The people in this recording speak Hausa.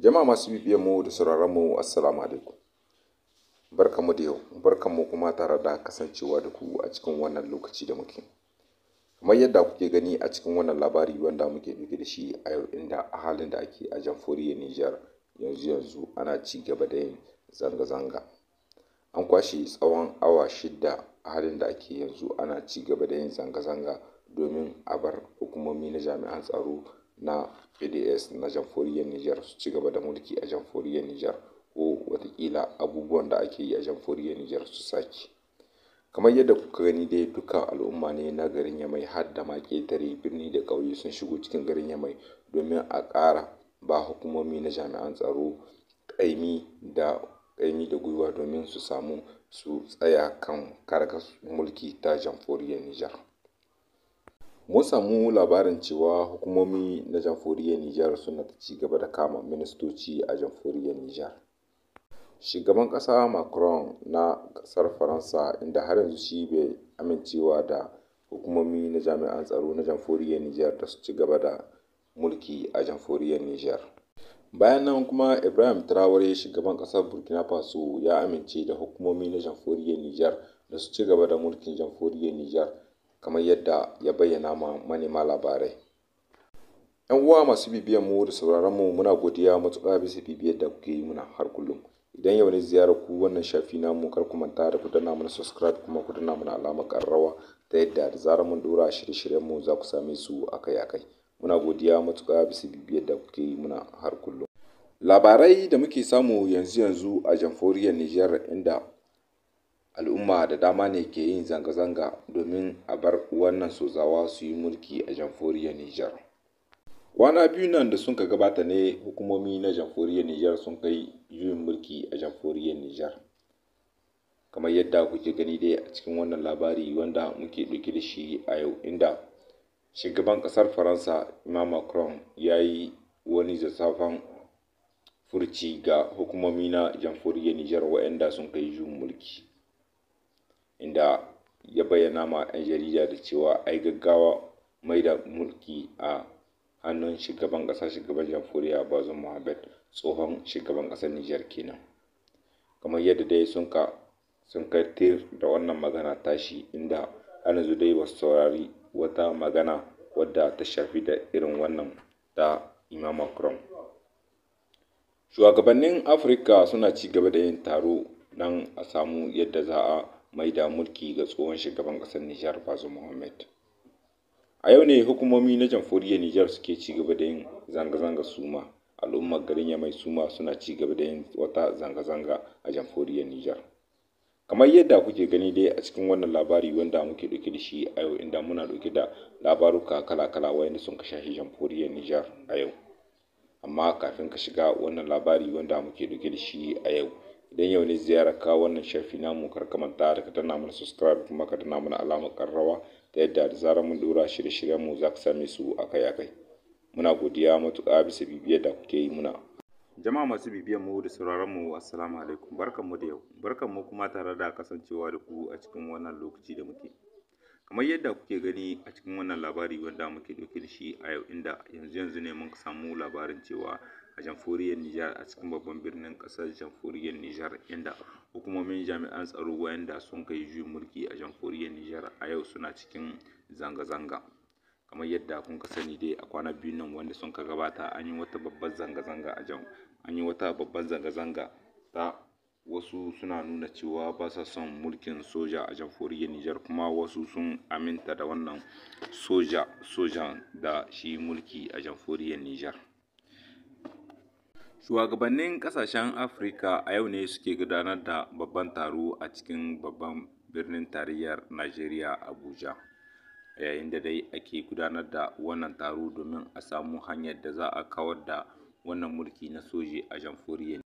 jama'a masu bibiyan mu da sauraron mu assalamu alaikum barkamu da yau barkamu kuma tare da kasancewa da ku a cikin wannan lokaci da muke kamar yadda kuke gani a cikin wannan labari wanda muke ɗauke da shi a yau inda a halin da ake a jamhuriyar Nijar yanzu yanzu ana ci gaba da yin zanga-zanga an kwashe tsawon awa shida a halin da ake yanzu ana ci gaba da yin zanga-zanga domin a bar hukumomi na jami'an tsaro na PDS na jamhuriyar Nijar su ci gaba da mulki a jamhuriyar Nijar ko watakila abubuwan da ake yi a jamhuriyar Nijar su sake. Kamar yadda kuka gani dai duka al'umma ne na garin Yamai har da ma ketare birni da ƙauye sun shigo cikin garin Yamai domin a ƙara ba hukumomi na jami'an tsaro ƙaimi da ƙaimi da gwiwa domin su samu su tsaya kan karkas mulki ta jamhuriyar Nijar. Mun samu labarin cewa hukumomi na Jamhuriyar Nijar suna ta ci gaba da kama ministoci a Jamhuriyar Nijar. Shugaban kasa Macron na ƙasar Faransa, inda har yanzu shi bai amincewa da hukumomi na jami'an tsaro na Jamhuriyar Nijar da su ci gaba da mulki a Jamhuriyar Nijar. Bayan nan kuma Ibrahim Traore shugaban ƙasar Burkina Faso ya amince da hukumomi na Jamhuriyar Nijar da su ci gaba da mulkin Jamhuriyar Nijar. kamar yadda ya bayyana ma manema labarai. 'Yan uwa masu bibiyan mu da sauraron mu muna godiya matuƙa bisa bibiyar da kuke yi muna har kullum. Idan yau ne ziyarar ku wannan shafi mu kar ku manta da ku danna mana subscribe kuma ku danna mana alamar ƙararrawa ta yadda da zarar mun dora shirye-shiryen mu za ku same su akai-akai. Muna godiya matuƙa bisa bibiyar da kuke yi muna har kullum. Labarai da muke samu yanzu-yanzu a jamhuriyar Nijar inda Al'umma da dama ne ke yin zanga-zanga domin a bar wannan sozawa su yi mulki a jamhuriyar Nijar. Kwana biyu nan da sun ka gabata ne hukumomi na jamhuriyar Nijar sun kai juyin mulki a jamhuriyar Nijar. Kamar yadda kuke gani dai a cikin wannan labari wanda muke ɗauke da shi a yau inda shugaban ƙasar Faransa Emmanuel Macron ya yi wani zazzafan furci ga hukumomi na jamhuriyar Nijar waɗanda sun kai juyin mulki. inda ya bayyana ma 'yan jarida da cewa ai gaggawa mai da mulki a hannun shugaban ƙasa shugaban jamhuriya bazum muhammad tsohon shugaban ƙasar nijar kenan kamar yadda dai sun ka sun kai tir da wannan magana tashi inda har yanzu dai ba saurari wata magana wadda ta shafi da irin wannan ta imam macron shugabannin afirka suna ci gaba da yin taro don a samu yadda za a Mai da mulki ga tsohon shugaban ƙasar Nijar Bazoum muhammed. A yau ne hukumomi na jamhuriyar Nijar suke ci gaba da yin zanga-zanga suma. Al'ummar garin mai suma suna ci gaba da yin wata zanga-zanga a jamhuriyar Nijar. Kamar yadda kuke gani dai a cikin wannan labari wanda muke ɗauke da shi a yau inda muna ɗauke da labaruka kala-kala wayanda sun ka shafi jamhuriyar Nijar a yau. Amma kafin ka shiga wannan labari wanda muke ɗauke da shi a yau dan yau ne ziyarar ka wannan shafi namu kar ka manta da ka danna mana subscribe kuma ka danna mana alamar karrawa ta yadda da zarar mun dora shirye-shiryen mu za ka same su akai akai muna godiya matuƙa bisa bibiyar da kuke yi muna jama'a masu bibiyan mu da sauraron mu assalamu alaikum barkan mu da yau barkan mu kuma tare da kasancewa da ku a cikin wannan lokaci da muke kamar yadda kuke gani a cikin wannan labari wanda muke ɗauke da shi a yau inda yanzu yanzu ne muka samu labarin cewa a jamhuriyar Nijar a cikin babban birnin ƙasar jamhuriyar Nijar inda hukumomin jami'an tsaro wayanda sun kai juyin mulki a jamhuriyar Nijar a yau suna cikin zanga-zanga kamar yadda kun ka sani dai a kwana biyu nan wanda sun ka gabata an yi wata babbar zanga-zanga a an yi wata babbar zanga-zanga ta wasu suna nuna cewa ba sa son mulkin soja a jamhuriyar Nijar kuma wasu sun aminta da wannan soja sojan da shi mulki a jamhuriyar Nijar. Shugabannin kasashen Afirka a yau ne suke gudanar da babban taro a cikin babban birnin tarayyar Najeriya Abuja. Yayin da dai ake gudanar da wannan taro domin a samu hanyar da za a kawar da wannan mulki na soja a jamhuriyar